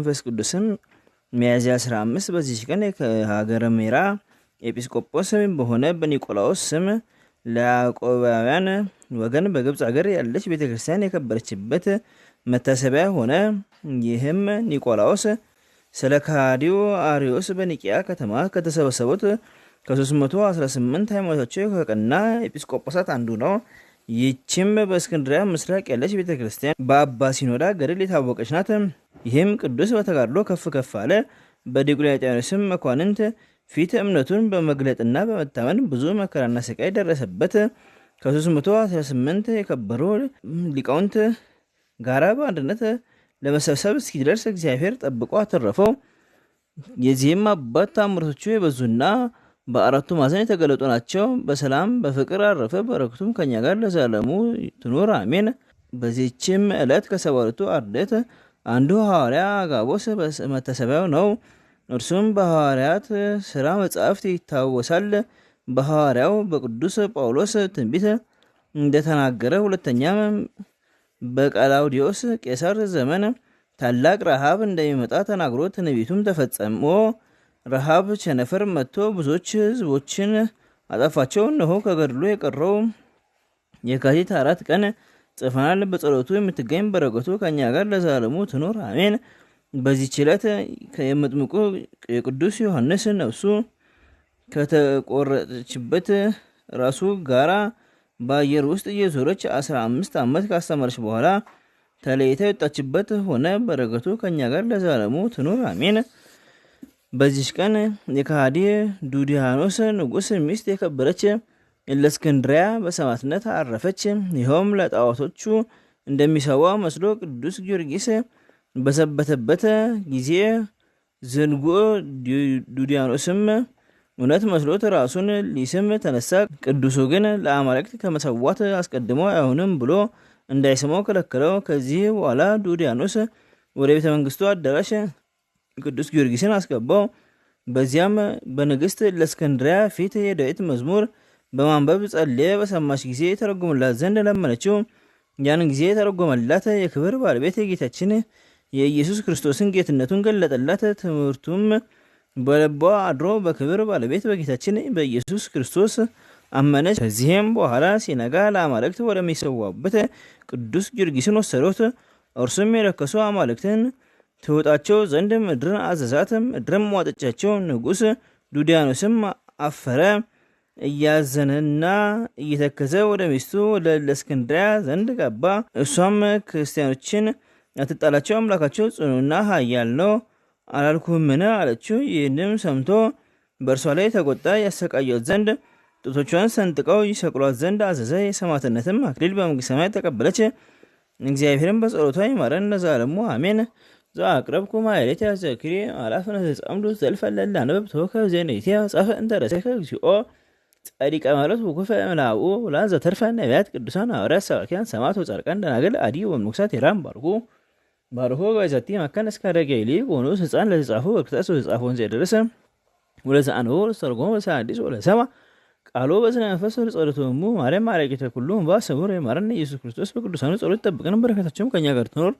መንፈስ ቅዱስም ሚያዝያ 15 በዚች ቀን ከሀገረ ሜራ ኤጲስቆጶስ በሆነ በኒቆላዎስ ስም ለያዕቆባውያን ወገን በግብፅ ሀገር ያለች ቤተ ክርስቲያን የከበረችበት መታሰቢያ ሆነ። ይህም ኒቆላዎስ ስለ ከሃዲው አሪዮስ በኒቅያ ከተማ ከተሰበሰቡት ከ318 ሃይማኖታቸው ከቀና ኤጲስቆጶሳት አንዱ ነው። ይችም በእስክንድሪያ ምስራቅ ያለች ቤተ ክርስቲያን በአባ ሲኖዳ ገድል የታወቀች ናት። ይህም ቅዱስ በተጋድሎ ከፍ ከፍ አለ። በዲዮቅልጥያኖስም መኳንንት ፊት እምነቱን በመግለጥና በመታመን ብዙ መከራና ስቃይ ደረሰበት። ከ318 የከበሩ ሊቃውንት ጋራ በአንድነት ለመሰብሰብ እስኪደርስ እግዚአብሔር ጠብቆ አተረፈው። የዚህም አባት ታምርቶቹ የበዙና በአራቱ ማዘን የተገለጡ ናቸው። በሰላም በፍቅር አረፈ። በረክቱም ከኛ ጋር ለዘለሙ ትኑር አሜን። በዚችም ዕለት ከሰባ አርደት አንዱ ሐዋርያ አጋቦስ መታሰቢያው ነው። እርሱም በሐዋርያት ሥራ መጻሕፍት ይታወሳል። በሐዋርያው በቅዱስ ጳውሎስ ትንቢት እንደተናገረ፣ ሁለተኛም በቀላውዲዮስ ቄሳር ዘመን ታላቅ ረሃብ እንደሚመጣ ተናግሮ ትንቢቱም ተፈጸሞ ረሃብ ቸነፈር መጥቶ ብዙዎች ሕዝቦችን አጠፋቸው። እነሆ ከገድሉ የቀረው የካቲት አራት ቀን ጽፈናል። በጸሎቱ የምትገኝ በረከቱ ከእኛ ጋር ለዛለሙ ትኑር አሜን። በዚህ ዕለት የምጥምቁ የቅዱስ ዮሐንስ ነፍሱ ከተቆረጠችበት ራሱ ጋራ በአየር ውስጥ እየዞረች አስራ አምስት ዓመት ካስተማረች በኋላ ተለይታ የወጣችበት ሆነ። በረከቱ ከእኛ ጋር ለዛለሙ ትኑር አሜን። በዚች ቀን የካሃዲ ዱዲያኖስ ንጉሥ ሚስት የከበረች እለእስክንድርያ በሰማትነት አረፈች። ይኸውም ለጣዖቶቹ እንደሚሰዋ መስሎ ቅዱስ ጊዮርጊስ በሰበተበት ጊዜ ዝንጉዕ ዱዲያኖስም እውነት መስሎት ራሱን ሊስም ተነሳ። ቅዱሱ ግን ለአማልክት ከመሰዋት አስቀድሞ አይሆንም ብሎ እንዳይስመው ከለከለው። ከዚህ በኋላ ዱዲያኖስ ወደ ቤተ መንግስቱ አዳራሽ ቅዱስ ጊዮርጊስን አስገባው። በዚያም በንግስት ለስከንድሪያ ፊት የዳዊት መዝሙር በማንበብ ጸልየ በሰማች ጊዜ የተረጎመላት ዘንድ ለመነችው። ያን ጊዜ የተረጎመላት የክብር ባለቤት የጌታችን የኢየሱስ ክርስቶስን ጌትነቱን ገለጠላት። ትምህርቱም በልቧ አድሮ በክብር ባለቤት በጌታችን በኢየሱስ ክርስቶስ አመነች። ከዚህም በኋላ ሲነጋ ለአማልክት ወደሚሰዋበት ቅዱስ ጊዮርጊስን ወሰዶት። እርሱም የረከሱ አማልክትን ትውጣቸው ዘንድ ምድርን አዘዛት። ምድርም ዋጠቻቸው። ንጉሥ ዱዲያኖስም አፈረ። እያዘነና እየተከዘ ወደ ሚስቱ ወደ ለእስክንድሪያ ዘንድ ገባ። እሷም ክርስቲያኖችን አትጣላቸው፣ አምላካቸው ጽኑና ኃያል ነው አላልኩምን? አለችው። ይህንም ሰምቶ በእርሷ ላይ ተቆጣ። ያሰቃዩት ዘንድ ጡቶቿን ሰንጥቀው ይሰቅሏት ዘንድ አዘዘ። የሰማዕትነትም አክሊል በመንግሥተ ሰማያት ተቀበለች። እግዚአብሔርም በጸሎቷ ይማረን ለዘላለሙ አሜን። ዘአቅረብኩ ማሕሌተ ዘክሬ አላፍነ ተጻምዱ ዘልፈለላ ዜነ ከብዜነይቴ ጻፈ እንተረሰከ እግዚኦ ጸዲቀ ማለት ውኩፈ እምላኡ ላን ተርፈ ነቢያት ቅዱሳን ሐዋርያት ሰባኪያን ሰማዕት ወጻድቃን ደናግል አዲ ወንጉሳት የራም ባርኩ ባርኮ ጋይዘቲ ማካን እስከ አደገ ይልቅ ሆኖስ ህፃን ለተጻፉ በክርታስ ተጻፎ ወንዘ የደረሰ ወለዘአንቦ ተርጎሞ በሰአዲስ ወለሰማ ቃሎ በስነ መንፈስ ጸሎቶሙ ማርያም ማረቂተ ኩሉ ባ ስሙር የማረን ኢየሱስ ክርስቶስ በቅዱሳኑ ጸሎት ጠብቀን በረከታቸውም ከኛ ጋር ትኖር።